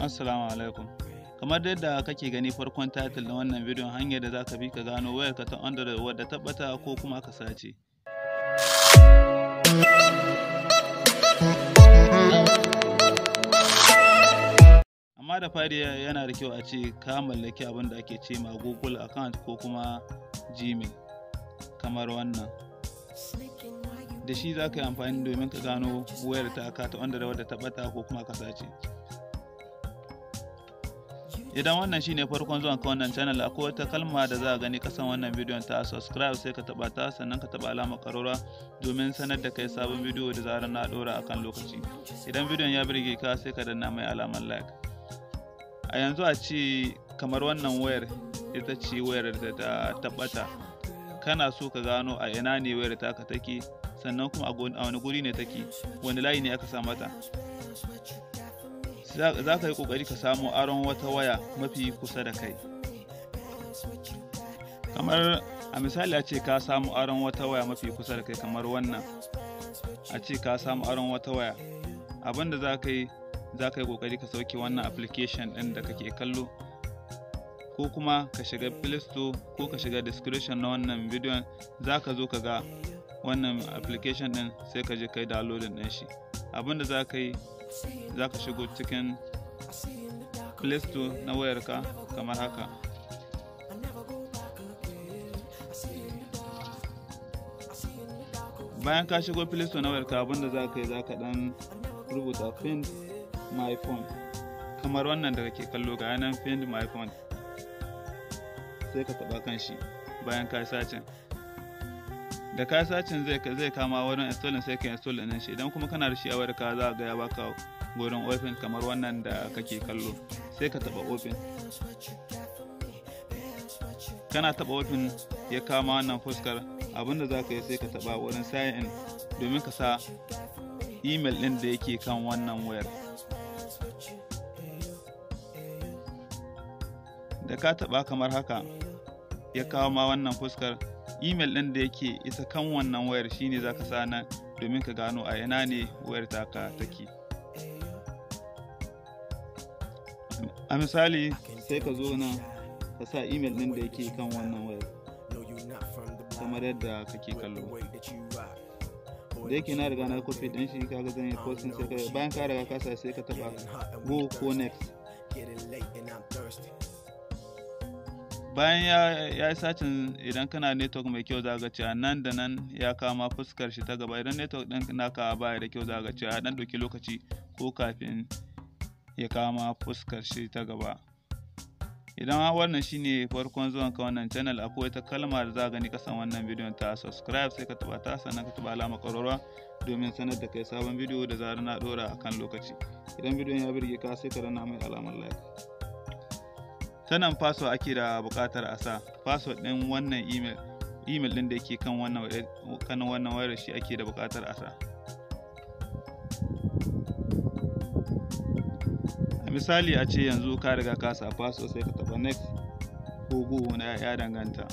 Assalamu alaikum. Kamar yadda kake gani farkon title na wannan bidiyon hanyar da za ka bi ka gano wayarka ta Android wadda ta ko kuma ka sace. Amma da fari yana da kyau a ce ka mallaki abin da ake ce ma Google account ko kuma Gmail kamar wannan. Da shi za ka yi amfani domin ka gano wayar ta ka ta Android wadda ta ko kuma ka sace. idan wannan shine farkon zuwa ka wannan channel akwai wata kalma da za a gani kasan wannan bidiyon ta subscribe sai ka taba ta sannan ka taba alama karora domin sanar da kai sabon bidiyo da zarar na dora akan lokaci idan bidiyon ya birge ka sai ka danna mai alamar like a yanzu a ce kamar wannan wayar ita ce wayar da ta tabbata kana so ka gano a ina ne wayar taka take sannan kuma a wani guri ne take wani layi ne aka sa mata za ka yi kokari ka samo aron wata waya mafi kusa da kai kamar a misali a ce ka samu aron wata waya mafi kusa da kai kamar wannan a ce ka samu aron wata waya abinda za ka yi za ka yi kokari ka sauke wannan application ɗin da kake kallo ko kuma ka shiga play store ko ka shiga description na wannan bidiyon za ka zo ka ga wannan application ɗin sai ka je kai downloading ɗin shi abinda za ka yi za ka shigo cikin play na wayarka kamar haka bayan ka shigo play na wayarka abinda za ka yi za ka dan rubuta find my phone kamar wannan da kake kallo ga yanan find my phone sai ka taba kan shi bayan ka sacin da ka sacin zai zai kama wurin installing sai ka install din shi idan kuma kana da shi a wayar ka za ga ya baka gurin open kamar wannan da kake kallo sai ka taba open kana taba open ya kama wannan fuskar abinda za ka yi sai ka taba wurin sign in domin ka sa email din da yake kan wannan wayar da ka taba kamar haka ya kawo ma wannan fuskar email ɗin da yake isa kan wannan wayar shine za ka sa nan domin ka gano a ina ne wayar taka take a misali sai ka zo nan ka sa email ɗin da yake kan wannan wayar kamar yadda kake kallo da yake na riga na kofi ɗin shi ka zan yi posting sai ka bayan ka riga kasa sai ka taba go ko next bayan ya yi sacin idan kana network mai kyau za ga cewa nan da nan ya kama fuskar shi ta gaba idan network ɗin naka baya da kyau za ga cewa dan ɗauki lokaci ko kafin ya kama fuskar shi ta gaba idan wannan shine farkon zuwan ka wannan channel akwai wata kalma da za gani kasan wannan bidiyon ta subscribe sai ka taba ta sannan ka taba alama ƙwararwa domin sanar da kai sabon bidiyo da zarar na ɗora akan lokaci idan bidiyon ya birge ka sai ka rana mai alamar like sanan faso ake da buƙatar a sa faso ɗin wannan email email ɗin da yake kan wannan kan wannan wayar shi ake da buƙatar a sa misali a ce yanzu ka riga ka sa faso sai ka taɓa next ko go na ya danganta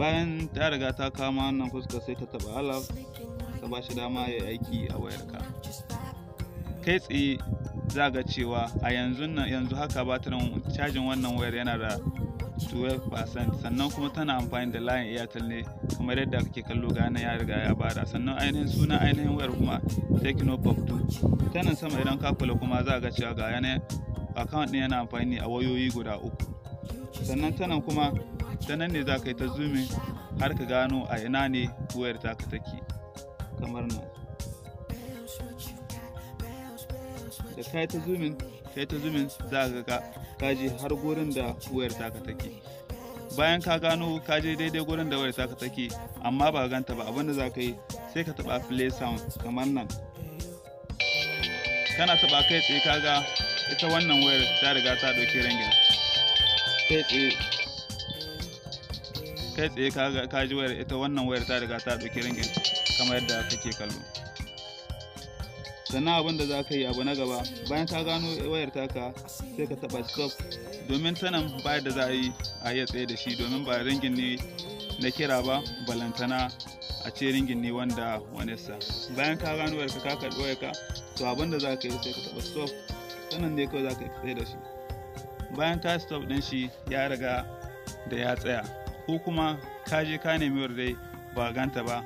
bayan ta riga ta kama wannan fuska sai ta taba alaf ta ba shi dama ya aiki a wayarka kai tsaye za ga cewa a yanzu yanzu haka batirin cajin wannan wayar yana da 12% sannan kuma tana amfani da layin airtel ne kamar yadda kake kallo gane ya riga ya bada sannan ainihin suna ainihin wayar kuma techno pop 2 tana sama idan ka kula kuma za ga cewa ga yanayin account ɗin yana amfani a wayoyi guda uku sannan tana kuma ta nan ne za ka yi ta zoomin har ka gano a ina ne wayar taka take kamar nan da ka yi ta zumin ka yi ta zumin za ka ga ka har gurin da wayar taka take bayan ka gano ka je daidai gurin da wayar taka take amma ba ganta ba abinda za ka yi sai ka taba play sound kamar nan kana taba kai tsaye ga ita wannan wayar ta riga ta dauki rangin kai tsaye kai tsaye ka ji wayar ita wannan wayar ta riga ta ɗauki ringin kamar yadda kake kallo sannan abin da za ka yi abu na gaba bayan ka gano wayar taka sai ka taɓa stop domin sanin ba da za a yi a iya tsaye da shi domin ba ringin ne na kira ba balantana a ce ringin ne wanda wani sa. bayan ka gano wayar ka karɓi ka to abin da za ka yi sai ka taɓa stop sannan ne kawai za ka tsaye da shi bayan ka stop ɗin shi ya riga da ya tsaya ko kuma ka je ka nemi wayar dai ba ganta ba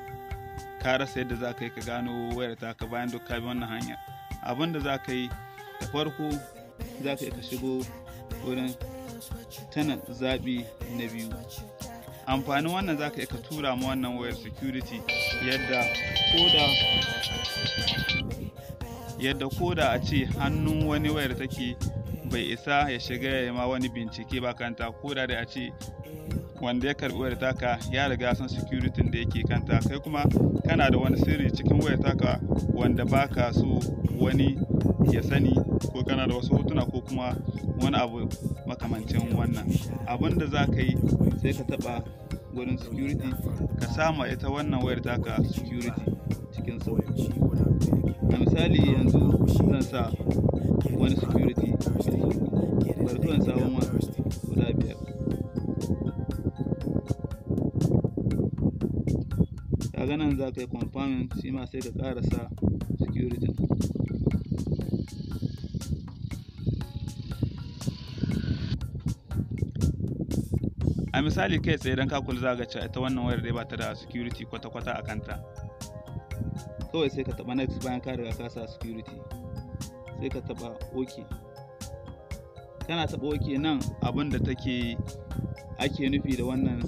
ka rasa yadda za ka yi ka gano wayar ta ka bayan duk ka bi wannan hanya abin da za ka yi da farko za ka yi ka shigo wurin tana zaɓi na biyu amfanin wannan za ka yi ka tura ma wannan wayar security yadda koda yadda da a ce hannun wani wayar take bai isa ya shiga ya ma wani bincike ba kanta ko da a ce wanda ya karbi wayar taka ya riga san security da yake kanta kai kuma kana da wani sirri cikin wayar taka wanda baka so wani ya sani ko kana da wasu hotuna ko kuma wani abu makamancin wannan abin da za ka yi sai ka taba wurin security ka sama ita wannan wayar taka security cikin sauki a misali yanzu zan sa wani security bari kawai sabon wani guda biyar maganan nan za ka yi confirming shi ma sai ka karasa security a misali kai tsaye don kakul za ga ita wannan wayar dai ba ta da security kwata-kwata a kanta kawai sai ka taba next bayan ka riga ka sa security sai ka taba ok kana taba ok nan abin da take ake nufi da wannan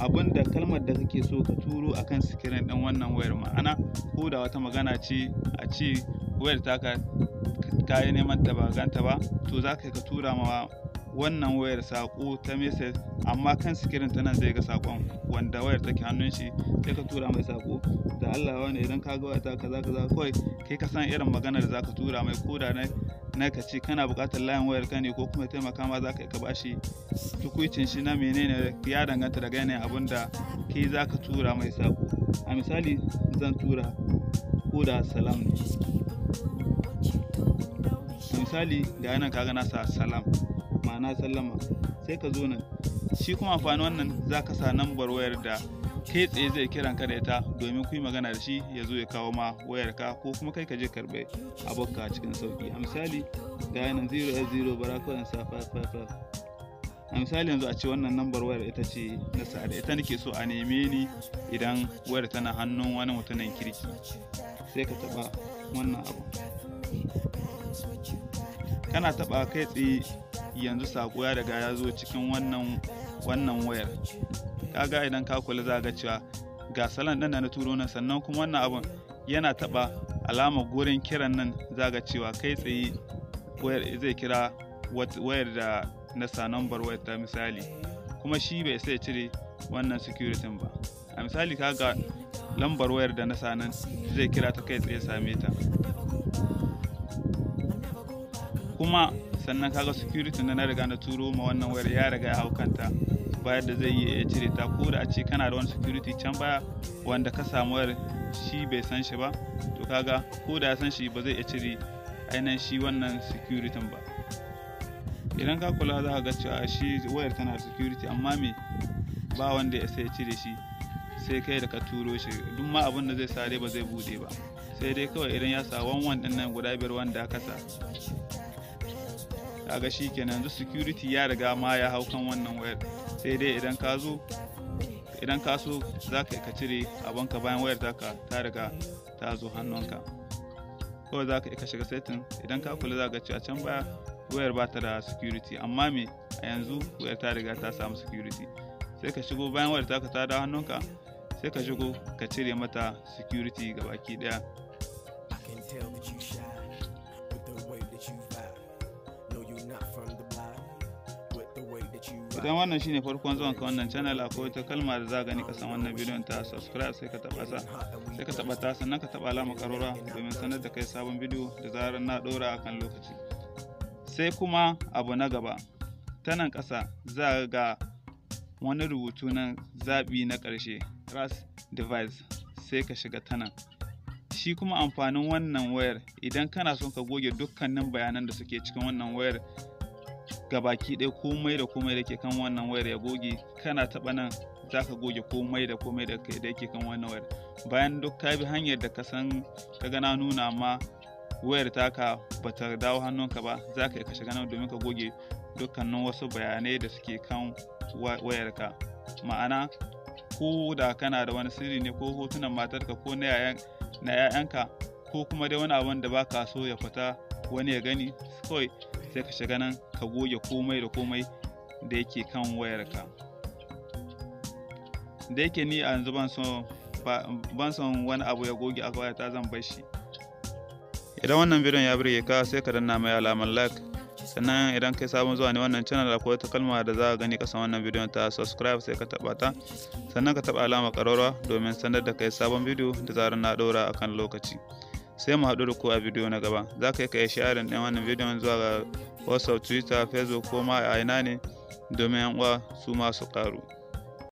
abin da kalmar da kake so ka turo a kan sikirin ɗin wannan wayar ma'ana ko da wata magana ce a ce wayar ta ka yi neman ta ba ganta ba to za ka ka tura ma wannan wayar saƙo ta mesej amma kan sikirin ta nan zai ga saƙon wanda wayar take hannun shi sai ka tura mai saƙo da Allah wani idan ka ga kaza kaza kawai kai ka san irin maganar da za ka tura mai ko da na ka ce kana buƙatar layin wayar ka ne ko kuma taimaka ma za ka ka bashi tukuicin shi na menene ya danganta daga yanayin abin da ke za ka tura mai sako a misali zan tura ko da salam ne a misali da yanayin kaga gana sa salam ma'ana sallama sai ka zo nan shi kuma amfani wannan za ka sa nambar wayar da kai tsaye zai kiran ka da ita domin ku yi magana da shi ya zo ya kawo ma wayarka ko kuma kai ka je karɓe abokka cikin sauƙi a misali ga yanin 0 barakon sa 555 a misali yanzu a ce wannan nambar wayar ita ce na sa'ada ita nake so a neme ni idan wayar tana hannun wani mutumin kirki sai ka taɓa wannan abu kana taɓa kai tsaye yanzu sako ya riga ya zo cikin wannan wayar kaga idan ka kula za ga cewa ga salon ɗin na turo nan sannan kuma wannan abun yana taɓa alamar gurin kiran nan za ga cewa kai tsaye zai kira wayar da na sa nambar wayar ta misali kuma shi bai sai cire wannan security ba a misali kaga lambar wayar da na sa nan zai kira ta kai tsaye same ta kuma sannan kaga security da na riga na turo ma wannan wayar ya riga ya hau kanta bayan da zai iya eh, cire ta ko da a ce kana da wani security can baya wanda ka samu shi bai san shi ba to kaga ko da ya san shi ba zai iya cire ainihin shi wannan security ba idan ka kula za ka ga cewa shi wayar tana da security amma me ba wanda ya sai ya cire shi sai kai da ka turo shi duk ma abin da zai sare ba zai bude ba sai dai kawai idan ya sa wanwan ɗin guda biyar wanda aka sa kaga shi kenan yanzu security ya riga ma ya hau kan wannan wayar sai dai idan ka zo idan ka so za ka ka cire ka bayan wayar taka ta riga ta zo hannunka kawai za ka shiga setting idan ka kula za ka ci a can baya wayar ba ta da security amma me a yanzu wayar ta riga ta samu security sai ka shigo bayan wayar taka ta da hannunka sai ka shigo ka cire mata security gabaki daya idan wannan shine farkon zuwan ka wannan channel akwai wata kalma da za gani kasan wannan bidiyon ta subscribe sai ka taba sa sai ka taba ta sannan ka taba alama karora domin sanar da kai sabon bidiyo da zarar na dora akan lokaci sai kuma abu na gaba ta nan ƙasa za ga wani rubutu na zaɓi na ƙarshe ras device sai ka shiga ta nan shi kuma amfanin wannan wayar idan kana son ka goge dukkanin bayanan da suke cikin wannan wayar baki ɗaya komai da komai da ke kan wannan wayar ya goge kana taɓa nan za ka goge komai da komai da yake kan wannan wayar bayan duk ka bi hanyar da ka san ka gana nuna ma wayar ka ba ta dawo hannunka ba za ka yi ka ganin domin ka goge dukkanin wasu bayanai da suke kan wayarka ma'ana ko da kana da wani sirri ne ko hotunan matarka ko na 'ya'yanka ko kuma dai wani abin da ba ka so ya fita wani ya gani kawai sai ka shiga nan ka goge komai da komai da yake kan wayarka da yake ni a yanzu ban son wani abu ya goge a ta zan bar shi idan wannan bidiyon ya birge ka sai ka danna mai alamar like sannan idan kai sabon zuwa ne wannan channel akwai wata kalma da za ka gani kasan wannan bidiyon ta subscribe sai ka taba ta sannan ka taba alama karora domin sanar da kai sabon bidiyo da zarar na daura akan lokaci sai mu haɗu da ku a bidiyo na gaba za ka yi ka yi sharin ɗin wannan bidiyon zuwa ga whatsapp twitter facebook ko ma a ina ne domin yan uwa su ma su ƙaru